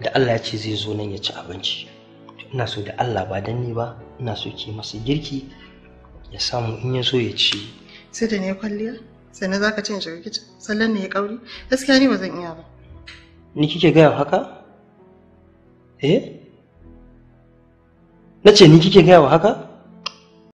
da Allah ya ce zai zo nan ya ci abinci ina so da Allah ba dan ni ba ina so ke masa girki ya samu in ya zo ya ci sai da ne kwalliya sannan zaka ce in shiga kicin sallan ne ya kauri gaskiya ni ba zan iya ba ni kike gaya haka eh na ce ni kike gaya haka